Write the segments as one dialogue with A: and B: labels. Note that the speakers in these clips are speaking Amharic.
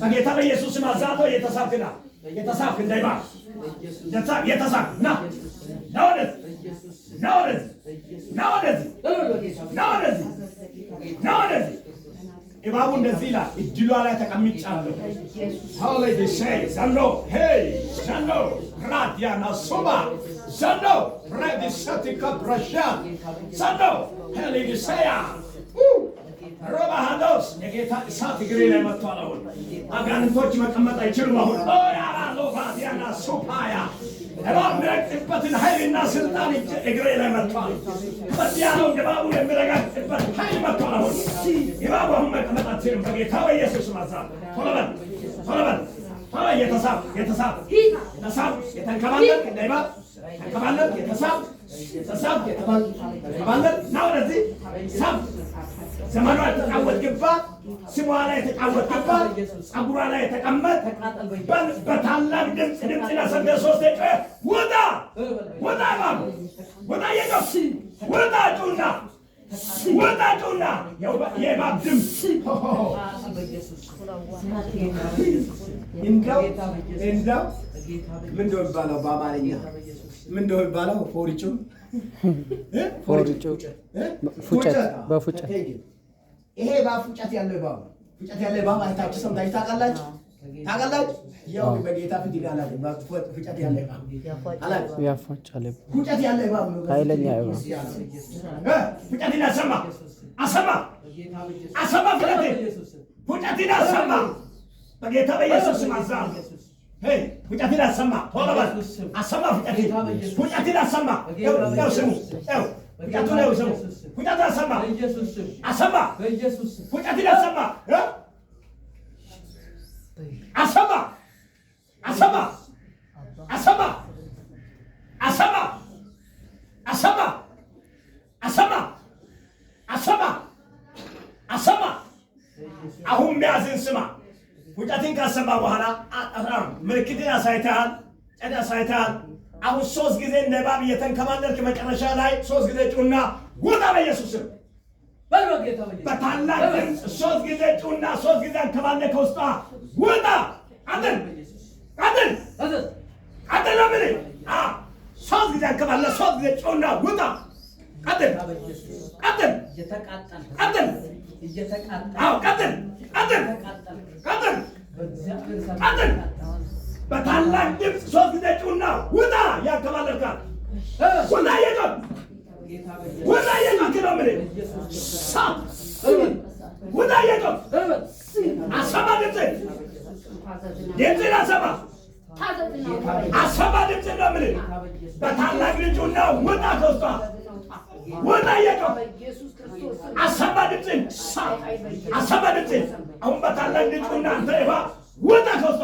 A: በጌታ በኢየሱስ ስም አዛቶ የተሳብክ ና የተሳብክ እንዳይባ የተሳብ የተሳብ ና ና ወደዚህ ና ወደዚህ ና ወደዚህ ና ወደዚህ ና ወደዚህ እባቡ እንደዚህ ይላል፣ እድሏ ላይ ተቀምጫለሁ። ሀሌ ሸይ ዘንዶ ሄይ ዘንዶ ራዲያና ሱባ ዘንዶ ረዲሰቲከ ብረሻ ዘንዶ ሄሊዲሰያ ሮባ የጌታ እሳት እግሬ ላይ መጥቷል። አሁን አጋንንቶች መቀመጥ አይችሉም። አሁን ኦራራ ሱፓያ እባብ የሚረግጥበትን ኃይልና ስልጣን እግሬ ላይ መጥቷል። በዚያ ነው እባቡ የሚረግጥበት ኃይል መጥቷል። አሁን እባቡ አሁን መቀመጥ አትችልም። በጌታ በኢየሱስ ማዛ ቶሎ በል ቶሎ በል ቶሎ የተሳብ የተሳብ ተሳብ የተንከባለል እንዳይባብ ተባለን የተሳብ ስሟ ላይ የተቃወት ግባ ጸጉሯ ላይ የተቀመጥ በታላቅ ድምፅ ድምፅ ለሰደ ሶስት ጨ ወጣ ወጣ ባሉ ወጣ የገፍ ወጣ ጩና ወጣ ጩና የባብ ድምፅ እንዳው እንዳው ምን እንደው ይባለው በአማርኛ ምን እንደው ይባለው ፎርጩ ይሄ ባፉጨት ያለው ፉጨት ያለው ሰምታችሁ ታውቃላችሁ ታውቃላችሁ ያው በጌታ ፊት ይላል ፉጨት ፉጨት ኃይለኛ ፉጨት ይላል አሰማ አሰማ ፍለቴ ፉጨትን አሰማ በጌታ በኢየሱስ ስም አዛል ፉጨትን አሰማ ቶሎ በል አሰማ ፉጨትን ፉጨትን አሰማ ያው ስሙ ያው ፉጨቱ ነው ስሙ ፉጨቱ አሰማ አሰማ ፉጨትን አሰማ አሰማ አሰማ ያዝን ስማ። ውጨትን ካሰማ በኋላ ምልክትን አሳይተሃል፣ ጨድ አሳይተሃል። አሁን ሶስት ጊዜ ነባብ እየተንከባለልክ መጨረሻ ላይ ሶስት ጊዜ ጩና ውጣ በኢየሱስ ስም በታላቅ ድምፅ ሶስት ጊዜ ጩና ሶስት ጊዜ አንከባለ ከውስጧ ውጣ። ነው ሶስት ጊዜ አንከባለ ሶስት ጊዜ ጩና ውጣ። ቀጥል። በታላቅ ድምፅ ሶስት ጊዜ ጩና ውጣ ያንከባለልካል ውጣ የጮ ውጣ የጮ ክሎ ምን ውጣ የጮ አሰማ ድምፅ ድምፅ አሰማ አሰማ ድምፅ ነው ምን በታላቅ ልጁና ውጣ ከውስጧ ወጣ እየጮህ አሰማ ድምፅህን አሰማ ድምፅህን አሁን በታላቅ ድምፅና አንተ ይፋ ወጣ ከውስጧ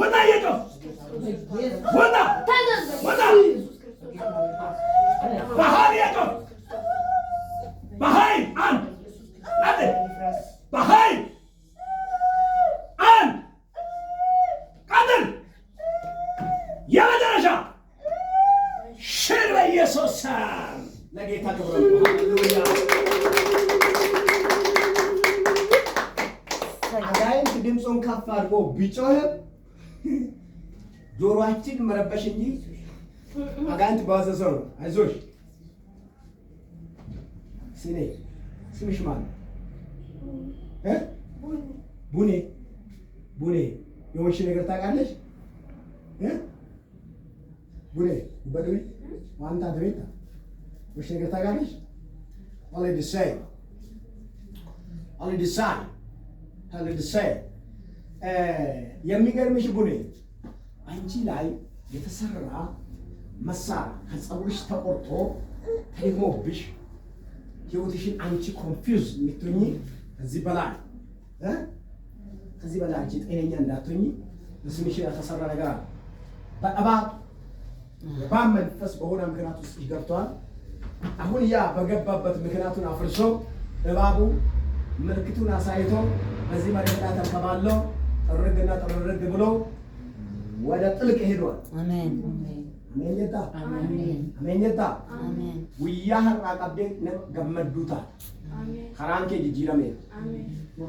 A: ወጣ እየጮህ ወጣ ወጣ በኃይል እየጮህ በኃይል አንድ አንድ በኃይል አንድ ቀጥል የመጨረሻ ሽር በኢየሱስ ለጌታ ክብረ ሃሌሉያ። አጋንንት ድምፁን ከፍ አድርጎ ቢጮህም ጆሮአችን መረበሽ እንጂ አጋንንት ባዘሰው ነው። አይዞሽ ስኔ ስምሽ ማን እ ቡኔ ቡኔ የሆንሽ ነገር ታውቃለሽ እ ቡኔ በደዌ ዋንታ ደዌታ Which negative Only the same. Only the same. Only የሚገርምሽ ቡኔ አንቺ ላይ የተሰራ መሳሪያ ከፀጉርሽ ተቆርጦ ተደግሞብሽ ህይወትሽን አንቺ ኮንፊውዝ የምትሆኚ ከዚህ በላይ ከዚህ በላይ አንቺ ጤነኛ እንዳትሆኚ በስምሽ የተሰራ ነገር አለ። በእባብ መንፈስ በሆነ ምክንያት ውስጥ ገብተዋል። አሁን ያ በገባበት ምክንያቱን አፍርሶ እባቡ ምልክቱን አሳይቶ በዚህ መሬት ላይ ተንከባለው ጥርግና ጥርርግ ብሎ ወደ ጥልቅ ሄዷል። አሜን አሜን አሜን አሜኝታ አሜን ውያ ሀራ ቀቤ ገመዱታ ከራንኬ ጅጅለሜ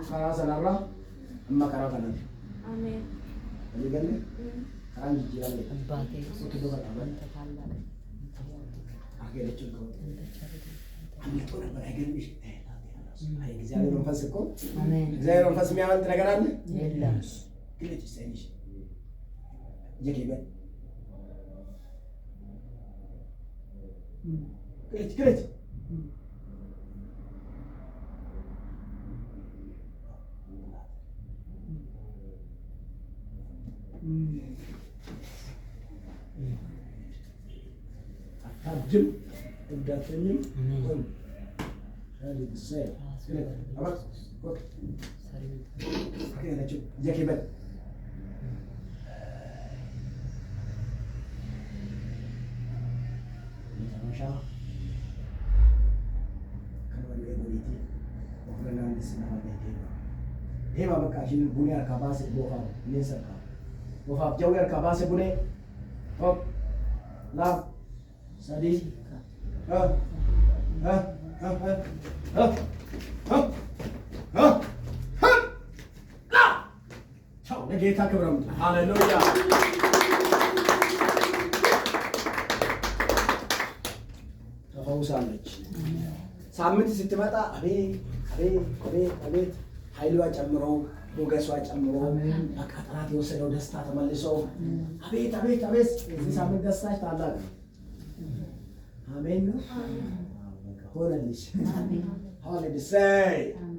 A: ከራ ሰነራ እማ ከራ ከነር ገ ከራን ጅጅለሜ አገለችን አምልጦ ነበር። አይገርምሽ? እግዚአብሔር መንፈስ እኮ እግዚአብሔር መንፈስ የሚያመልጥ ነገር አለ? ግለጭ ሰሚሽ ግለጭ ግለጭ እንዳትጅም እንዳትተኝም ቁም። Laaf ለጌታ ክብረም ሃሌሉያ። ተፈውሳለች። ሳምንት ስትመጣ አቤት አቤት አቤት ኃይሏ ጨምሮ ሞገሷ ጨምሮ በቃ ጥራት የወሰደው ደስታ ተመልሶ አቤት አቤት አቤት። የዚህ ሳምንት ደስታች ታላቅ アメンの。ほらにし。ハレルセイ。